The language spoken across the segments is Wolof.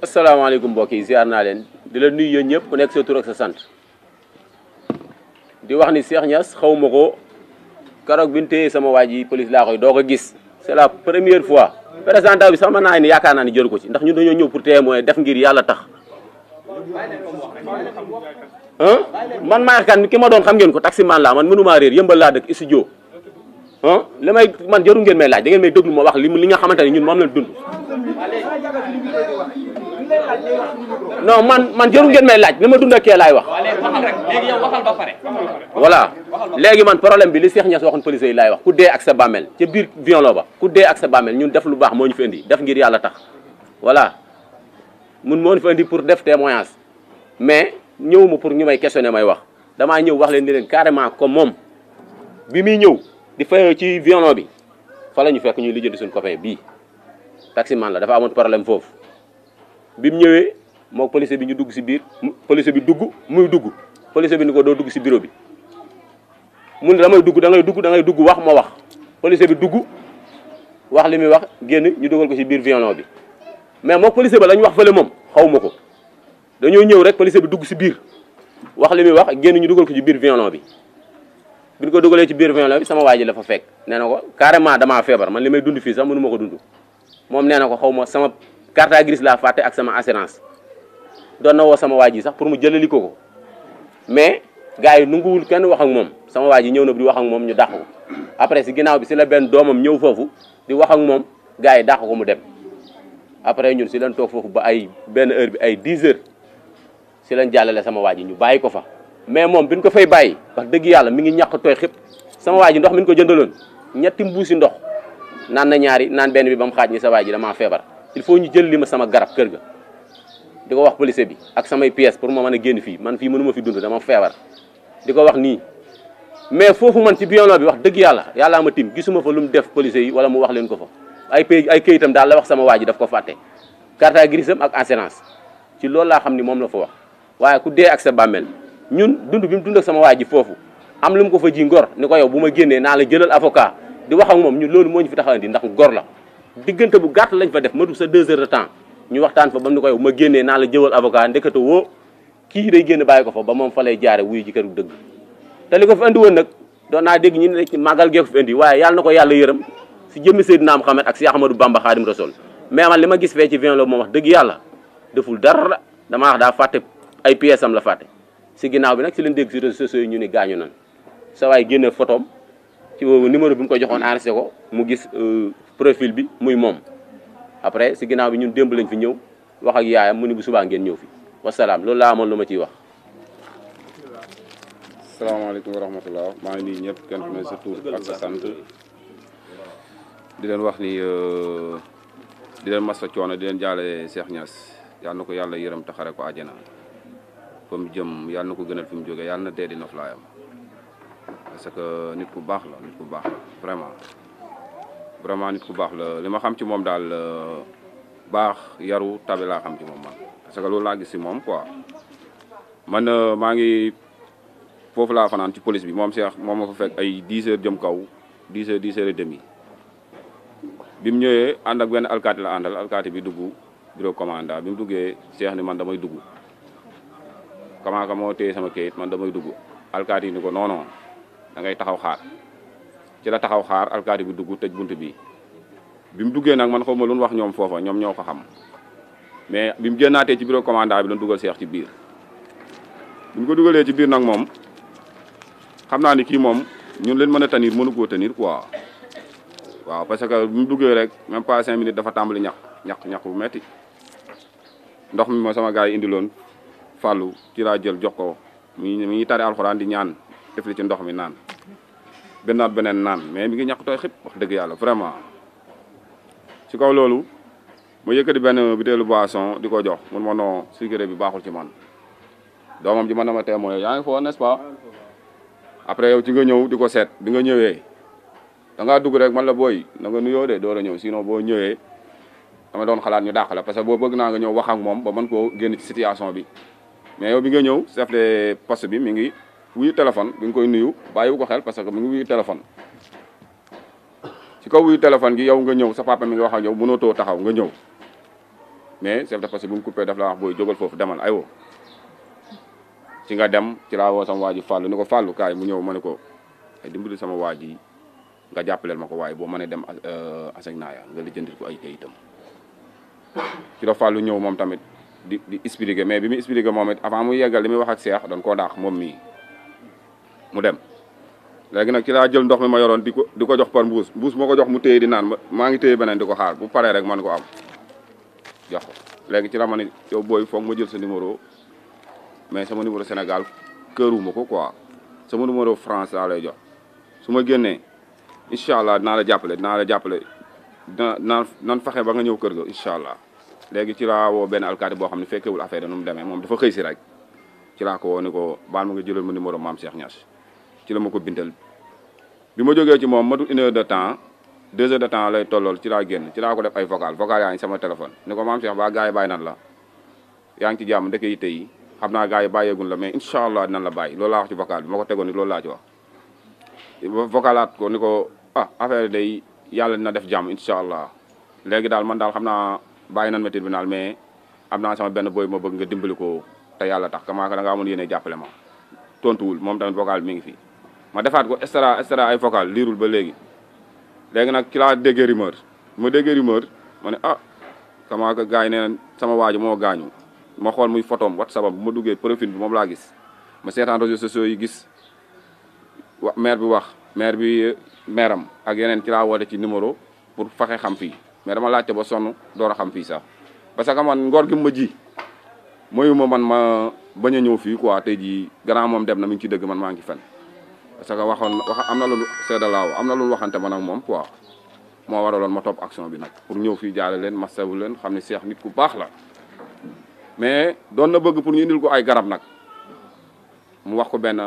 assalamualaikum mbokk yi ziar naa leen di la nuyu yeen ñep ku nek sa tour ak sa sante di wax ni Cheikh nias xawmako karok ko karoog sama waji police la koy doo ko gis c'est la première fois présentat bi sama mën ni yakana ni jël ko ci ndax ñu dañu ñew pour moy def ngir yalla tax hein man ma kan ki ma doon xam ngeen ko man la man mënumaa reer yëmbal la dekk studio hein li man jëru ngeen may laaj da ngeen may déglu ma wax li nga xamanteni ñun mom la dund non man man jëru ngeen may laaj li ma dund kee laay wax. voilà léegi man problème bi li seex Niass waxoon police yi laay wax ku dee ak sa bàmmeel ca biir violon ba ku dee ak sa bàmmeel ñun def lu baax moo ñu fi indi def ngir yàlla tax voilà mun moo ñu fi indi pour def témoignage mais ñëwuma pour ñu may questionner may wax damaa ñëw wax leen ni leen carrément comme moom bi muy ñëw di fa ci violon bi fa ñu fekk ñuy lijjanti suñu copain bii taximan la dafa problème foofu. bim mu ñëwee moog policier bi ñu dugg si biir policier bi dugg muy dugg policier bi ni ko doo dugg si bureau bi mu ne damay dugg da ngay dugg da ngay dugg wax ma wax policier bi dugg wax li muy wax génn ñu dugal ko si biir violon bi mais moog policier ba lañ wax fële moom xaw ma ko dañoo ñëw rek policier bi dugg si biir wax li muy wax génn ñu dugal ko ci biir violon bi bi ko dugalee ci biir violon bi sama waa ji la fa fekk nee na ko carrément damaa feebar man li may dund fii sax mënu ma dund moom nee na sama carte grise laa fàtte ak sama asserance doon na woo sama waa yi sax pour mu jëlali ko ko mais gars yi nanguwul kenn wax ak moom sama waa ji ñëw na di wax ak moom ñu dàq ko après si ginnaaw bi si benn doomam ñëw foofu di wax ak moom gars yi dàq ko mu dem après ñun si lañ toog foofu ba ay benn heure bi ay 10 heures si lañ jàllale sama waa yi ñu bàyyi ko fa. mais moom bi ñu ko fay bàyyi wax dëgg yàlla mi ngi ñàkk tooy xëpp sama waa ji ndox mi ñu ko jëndaloon ñetti mbuusi ndox naan na ñaari naan benn bi ba mu xaaj ni sa waa ji damaa feebar. il faut ñu jël li ma sama garab kër ga di ko wax policier bi ak samay pièces pour ma man a génn fii man fii mënu ma fi dund dama feebar di ko wax nii mais foofu man ci bioloo bi wax dëgg yàlla yàllaa ma tim gisuma fa lu mu def policier yi wala mu wax leen ko fa ay pay ay këyitam daal la wax sama waa daf ko fàtte carte grise am ak assurance ci loolu laa xam ni moom la fa wax waaye ku dee ak sa bàmmeel ñun dund bi mu dund ak sama waa ji foofu am lu mu ko fa ji ngor ni ko yow bu ma génnee naa la jëlal avocat di wax ak moom ñun loolu moo ñu fi taxawandi ndax ngor la diggante bu gàtt lañ fa def matu sa deux heures de temps ñu waxtaan fa ba mu ni ko yow ma génnee naa la jëwal avocat ndekete woo kii day génn bàyyi ko fa ba moom fa lay jaare wuyu ji këru dëgg te li ko fi andi woon nag doon naa dégg ñu ne màggal gee ko fi andi waaye yàlla na ko yàlla yërëm si jëmmi Seydina Muhammad ak si Ahmadou Bamba Xaadim Rasul mais man li ma gis fee ci vin la moom wax dëgg yàlla deful dara damaa wax daa fàtte ay pièces am la fàtte si ginnaaw bi nag si leen dégg si réseaux ñu ni gaañu nan sa waay génne photom ci numéro bi ko joxoon enregistré ko mu gis euh, profil bi muy mom après ci ginaaw bi ñun demb lañ fi ñew wax ak yaayam mu ni bu suba ngeen ñew fi wasalaam loolu laa amoon lu ma ciy wax. alaykum wa rahmatullah ma ngi ñepp kenn fu ne sa tour ak sa sante di len wax ni euh di len massa coono di len jale Cheikh Niass yalla na ko yàlla yërëm taxare ko aljana fam jëm yalla na ko gënal fi mu jógee yal na dee di noflaayam parce que nit ku bax la nit ku bax vraiment vraiment nit ku bax la lima xam ci mom dal euh, bax yaru tabe la xam ci mom man parce que loolu la gis ci mom quoi man euh, ma ngi fofu la fanaan ci police bi mom Cheikh mom ma fa fekk ay 10 h jëm kaw 10 h 10 h et demi bi mu ñëwee ak ben alkaati la àndal alkaati bi duggu bureau commandant bim duggé Cheikh ni man damay duggu kama kama té sama kayit man damay duggu alkaati ni ko non non da ngay taxaw xaar ci la taxaw xaar alkadi bi duggu tej buntu bi bimu duggé nak man xawma luñ wax ñom fofu ñom ñoko xam mais bimu gennaté ci bureau commandant bi doon duggal cheikh ci biir buñ ko duggalé ci biir nak mom xamna ni ki mom ñun leen mëna tenir mënu koo tenir quoi waaw parce que duggé rek même pas 5 minutes dafa tambali ñak ñak ñak bu metti ndox mi mo sama gaay indi indiloon fallu ci laa jël jox ko mi ngi tari alcorane di ñaan def li ci ndox mi naan bennaat beneen naan mais mi ngi ñàkk tooy xib wax dëgg yàlla vraiment ci kaw loolu mu yëkkati benn butéelu boisson di ko jox mun ma noo sucré bi baaxul ci man doomam ji na ma tee mooy yaa ngi foo n'est-ce pas après yow ci nga ñëw di ko seet bi nga ñëwee da ngaa dugg rek man la booy na nga nuyoo de door a ñëw sinon boo ñëwee dama doon xalaat ñu dàq la parce que boo bëgg naa nga ñëw wax ak moom ba man koo génn ci situation bi mais yow bi nga ñëw chef de poste bi mi ngi wuyu téléphone bi nga koy nuyu bayiw ko xel parce que mu ngi wuyu téléphone ci ko wuyu téléphone gi yow nga ñew sa papa mi nga wax ak yow mënootoo taxaw nga ñew mais chef de poste bu mu coupé daf la wax boy jogal fofu demal wo ci nga dem ci la wo sam waji fallu niko fallu kay mu ñew maniko ay dimbali sama waji nga jàppaleel mako way bo mané dem euh asegnaya nga lijjantil ko ay kayitam ci la fallu ñew mom tamit di di expliquer mais bi mi expliquer momit avant mu yegal limi wax ak cheikh don ko dakh mom mi mu dem legui nak ci la jël ndox mi ma yoron diko diko jox par mbous mbous moko jox mu téye di nan ma ngi téye benen diko xaar bu paré rek man ko am jox legui ci la ma ne yow booy ma jël sa numéro mais sama numéro Sénégal këruma quoi sama numéro France la lay jox suma génné inshallah na la jappalé na la jappalé nan faxé ba nga ñew keur ga inshallah legui ci la wo ben alkaati bo xamni fekkewul affaire da num démé mom dafa xey ci rek ci la ko woniko ni mo ngi ma nga numéro maam Cheikh Niass ci la ma ko bindal bi ma jogee ci moom matu une heure de temps deux heures de temps lay tollool ci laa génn ci laa ko def ay vocal vocal yaa ngi sama téléphone ni ko maam Cheikh ba gars yi nan la yaa ngi ci jàmm ndeke yitte yi xam naa gars yi bàyyeegun la mais incha allah dinañ la bàyyi loolu laa wax ci vocal bi ma ko tegoon ni loolu laa ci wax vocalaat ko ni ko ah affaire day yàlla dina def jàmm incha allah léegi daal man daal xam naa bàyyi nan ma tribunal mais am naa sama benn boy ma bëgg nga dimbali ko te yàlla tax kamaa ko nga amoon yéene jàppale ma tontuwul moom tamit vocal mi ngi fi ma defaat ko extra extra ay vocal liirul ba léegi léegi nag ci laa déggee ma déggee rumeur ma ne ah comment que gars yi nee na sama waajo moo gaañu ma xool muy photom whatsapp am bu ma duggee profil bi moom laa gis ma seetaan réseaux sociaux yi gis wa maire bi wax maire bi maire am ak yeneen kilaa laa woote ci numéro pour faxe xam fi mais dama laajte ba sonn door a xam fii sax parce que man ngor gi ma ji moyu ma man ma bañ a ñëw fii quoi tey jii grand moom dem na mi ngi ci dëgg man maa ngi fen parce que waxon wax am lu sédalaw amna lu waxante man ak mom quoi mo waralon ma top action bi nak pour ñew fi jaale len ma leen len xamni Cheikh nit ku bax la mais doona bëgg pour ñu nil ko ay garab nak mu wax ko ben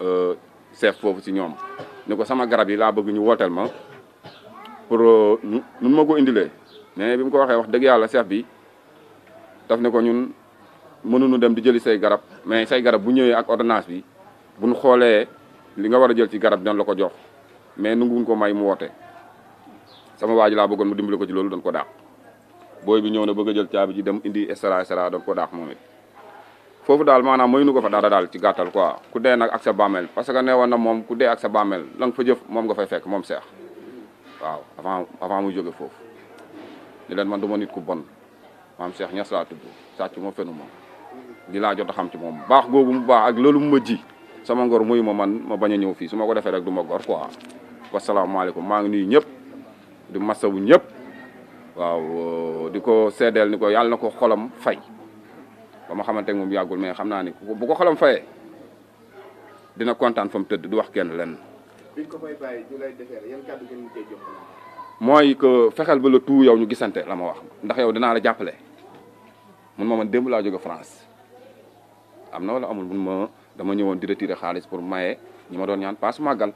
euh chef fofu ci ñom ne ko sama garab yi la bëgg ñu wotel ma pour ñu euh, mako indilé mais bimu ko waxee wax deug yalla chef bi daf ne ko ñun mënu ñu dem di jëli say garab mais say garab bu ñëwé ak ordonnance bi buñ xolé li nga war a jël ci garab dan la ko jox mais nanguwuñ ko may mu woote sama waa ji laa bëggoon mu dimbali ko ci loolu dañ ko daax booy bi ñëw na bëgg a jël caabi ji dem indi extra extra dañ ko daax moom it foofu daal maanaam mooy nu ko fa dara daal ci gàttal ko ku dee nag ak sa bàmmeel parce que nee woon na moom ku dee ak sa bàmmeel la nga fa jëf moom nga fay fekk moom seex waaw avant avant muy jóge foofu ni leen man du ma nit ku bon maam Cheikh Ñas laa tudd sàcc fenu ma li laa jot a xam ci moom baax googu mu baax ak loolu mu ma ji sama ngor muy moo man ma bañ a ñëw fii su ma ko defee rek du ma gor quoi wasalaamaaleykum maa ngi nuyu ñëpp di masawu ñëpp waaw euh, di ko seedeel ni ko yàlla na ko xolam fay ba ma xamante moom yàggul mais xam naa ni bu ko xolam fayee dina kontaan fa mu tëdd du wax kenn lenn. mooy que fexeel ba le tout yow ñu gisante la ma wax ndax yow dinaa la jàppale mun ma man démb laa France am na wala amul mun ma dama ñëwoon di xaalis pour maye ñi ma doon ñaan paas màggal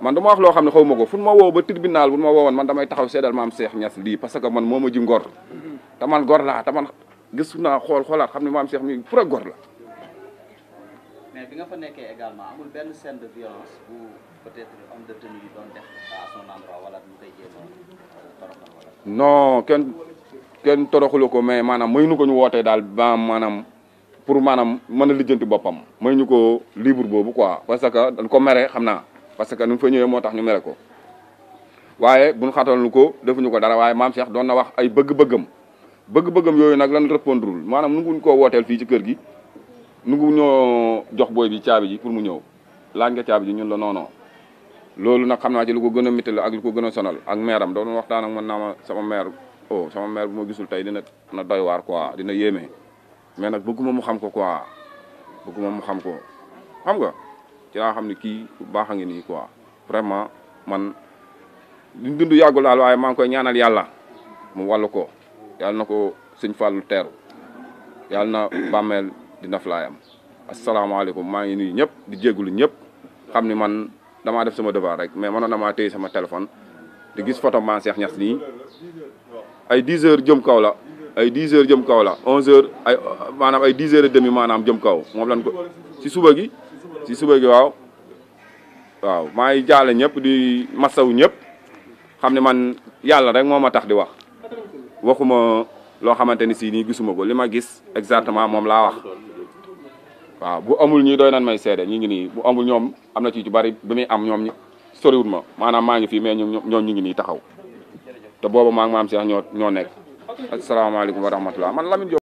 man ma wax loo xam ne xaw ma ko fu ma woo ba tribunal bu ma woowoon man damay taxaw seedal maam Cheikh Niass lii parce que man moo ma ji ngor te man gor laa te man gis naa xool xoolaat xam ne maam Cheikh mi pour a gor la nga fa nekkee également amul benn scène de violence bu euh, non kenn kenn ko mais maanaam mënuñu ko ñu wootee daal baam maanaam pour maanaam mën a lijjanti boppam may ñu ko libre boobu quoi parce que dañ ko mere xam na parce que nu mu fa ñëwee moo tax ñu mere ko waaye buñ xatal nu ko defuñu ko dara waaye maam Cheikh doon na wax ay bëgg-bëggam bëgg-bëggam yooyu nag lan répondrewul maanaam nu nguñ koo wooteel fii ci kër gi nu ngu jox booy bi caabi ji pour mu ñëw laaj nga caabi ji ñun la non loolu nag xam naa ci lu ko gën a métti la ak ko gën a sonal ak meeram doon waxtaan ak man naa ma sama meer oh sama meer bu ma gisul tey dina na doy waar quoi dina yéeme mais nag bëgguma mu xam ko quoi bëgguma mu xam ko xam nga ci xam ne kii bu baax a ngi nii quoi vraiment man liñ dund yàggul daal waaye maa ngi koy ñaanal yàlla mu wàllu ko yàlla na ko sëñ Fallou teeru yàlla na bàmmeel dina flaayam asalaamaaleykum maa ngi nuyu ñëpp di jégalu ñëpp xam ni man damaa def sama devoir rek mais man na maa téye sama téléphone di gis photo Mame Cheikh ñas nii ay 10 heures jëm kaw ay 10 heures jëm kaw la 11 heures ay maanaam demi maanaam jëm kaw moom lan ko si suba gi si suba gi waaw waaw maa ngi jaale ñëpp di masawu ñëpp xam ne man yàlla rek moom ma tax di wax waxuma loo xamante ni si nii gisuma ko li ma gis exactement moom laa wax waaw bu amul ñi doy nan may seede ñu ngi nii bu amul ñoom am na ci ci bari bi muy am ñoom soriwut ma maanaam maa ngi fii mais ñoom ñu ngi nii taxaw te booba maa maam Cheikh ñoo ñoo nekk asalaamaaleykum wa rahmatulah man Lamine Diop